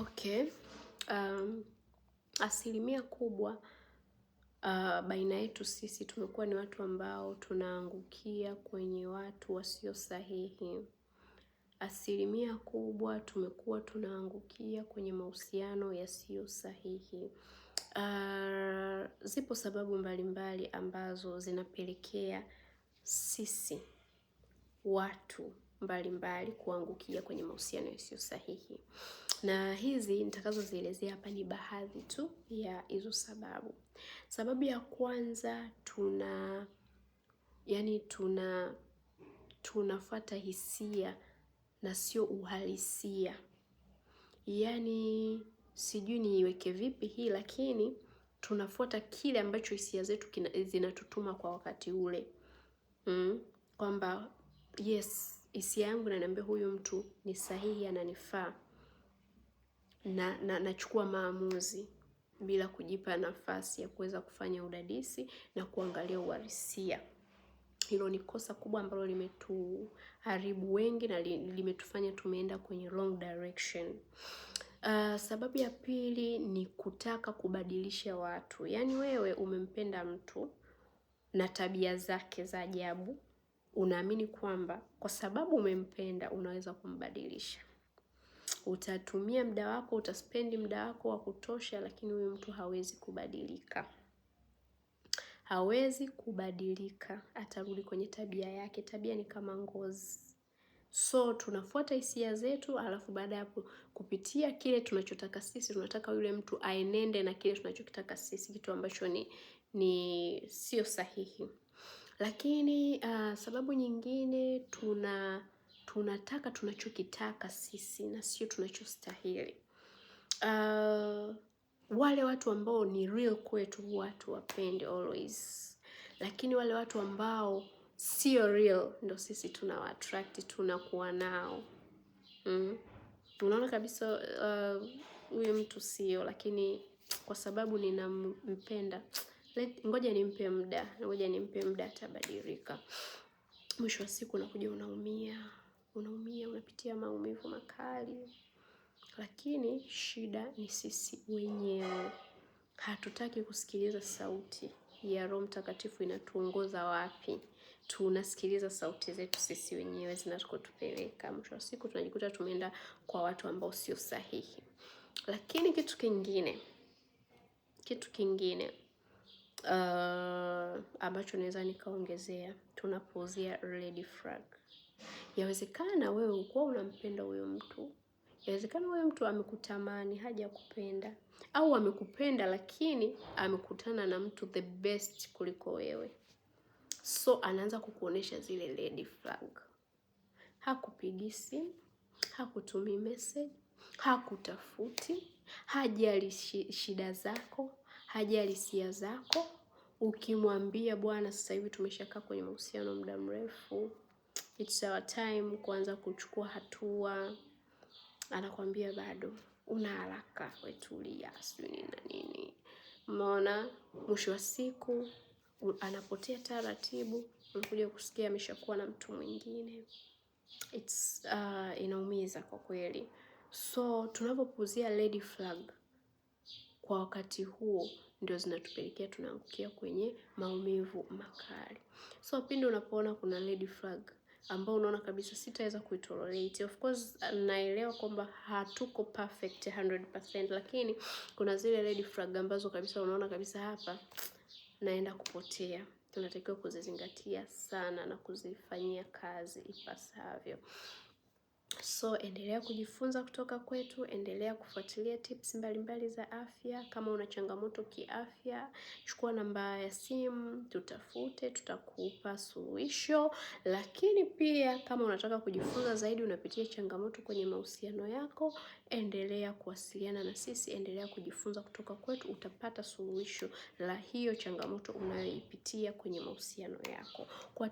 Okay. Um, asilimia kubwa uh, baina yetu sisi tumekuwa ni watu ambao tunaangukia kwenye watu wasio sahihi. Asilimia kubwa tumekuwa tunaangukia kwenye mahusiano yasiyo sahihi. Uh, zipo sababu mbalimbali mbali ambazo zinapelekea sisi watu mbalimbali mbali kuangukia kwenye mahusiano yasiyo sahihi na hizi nitakazozielezea hapa ni baadhi tu ya hizo sababu. Sababu ya kwanza tuna yani, tuna tunafuata hisia na sio uhalisia. Yani sijui niiweke vipi hii, lakini tunafuata kile ambacho hisia zetu zinatutuma kwa wakati ule mm, kwamba yes hisia yangu inaniambia huyu mtu ni sahihi, ananifaa na, na nachukua maamuzi bila kujipa nafasi ya kuweza kufanya udadisi na kuangalia uhalisia. Hilo ni kosa kubwa ambalo limetuharibu wengi na limetufanya tumeenda kwenye wrong direction. Uh, sababu ya pili ni kutaka kubadilisha watu. Yaani wewe umempenda mtu na tabia zake za ajabu, unaamini kwamba kwa sababu umempenda unaweza kumbadilisha utatumia muda wako, utaspendi muda wako wa kutosha, lakini huyu mtu hawezi kubadilika, hawezi kubadilika, atarudi kwenye tabia yake. Tabia ni kama ngozi. So tunafuata hisia zetu, alafu baada ya kupitia kile tunachotaka sisi, tunataka yule mtu aenende na kile tunachokitaka sisi, kitu ambacho ni ni sio sahihi. Lakini uh, sababu nyingine tuna tunataka tunachokitaka sisi na sio tunachostahili. Uh, wale watu ambao ni real kwetu huwa tuwapende always, lakini wale watu ambao sio real ndo sisi tuna tunakuwa nao mm. Unaona kabisa ah, huyu uh, mtu sio, lakini kwa sababu ninampenda, ngoja nimpe muda, ngoja nimpe muda, atabadilika. Mwisho wa siku unakuja unaumia unaumia, unapitia maumivu makali, lakini shida ni sisi wenyewe. Hatutaki kusikiliza sauti ya Roho Mtakatifu inatuongoza wapi. Tunasikiliza sauti zetu sisi wenyewe zinakotupeleka. Mwisho wa siku tunajikuta tumeenda kwa watu ambao sio sahihi. Lakini kitu kingine, kitu kingine uh, ambacho naweza nikaongezea tunapouzia red flag Yawezekana wewe ukuwa unampenda huyo mtu, yawezekana huyo mtu amekutamani haja kupenda au amekupenda lakini amekutana na mtu the best kuliko wewe, so anaanza kukuonesha zile red flag. Hakupigi simu, hakutumi message, hakutafuti, hajali shida zako, hajali hisia zako. Ukimwambia bwana, sasa hivi tumeshakaa kwenye mahusiano muda mrefu, it's our time kuanza kuchukua hatua, anakwambia bado una haraka, wetulia, sijui nini na nini. Umeona, mwisho wa siku anapotea taratibu, unakuja kusikia ameshakuwa na mtu mwingine. It's uh, inaumiza kwa kweli. So tunapopuzia red flag kwa wakati huo ndio zinatupelekea tunaangukia kwenye maumivu makali. So pindi unapoona kuna red flag, ambao unaona kabisa sitaweza kuitolerate. Of course naelewa kwamba hatuko perfect 100%, lakini kuna zile red flag ambazo kabisa unaona kabisa hapa naenda kupotea. Tunatakiwa kuzizingatia sana na kuzifanyia kazi ipasavyo. So endelea kujifunza kutoka kwetu, endelea kufuatilia tips mbalimbali mbali za afya. Kama una changamoto kiafya, chukua namba ya simu, tutafute, tutakupa suluhisho. Lakini pia kama unataka kujifunza zaidi, unapitia changamoto kwenye mahusiano yako, endelea kuwasiliana na sisi, endelea kujifunza kutoka kwetu, utapata suluhisho la hiyo changamoto unayoipitia kwenye mahusiano yako kwa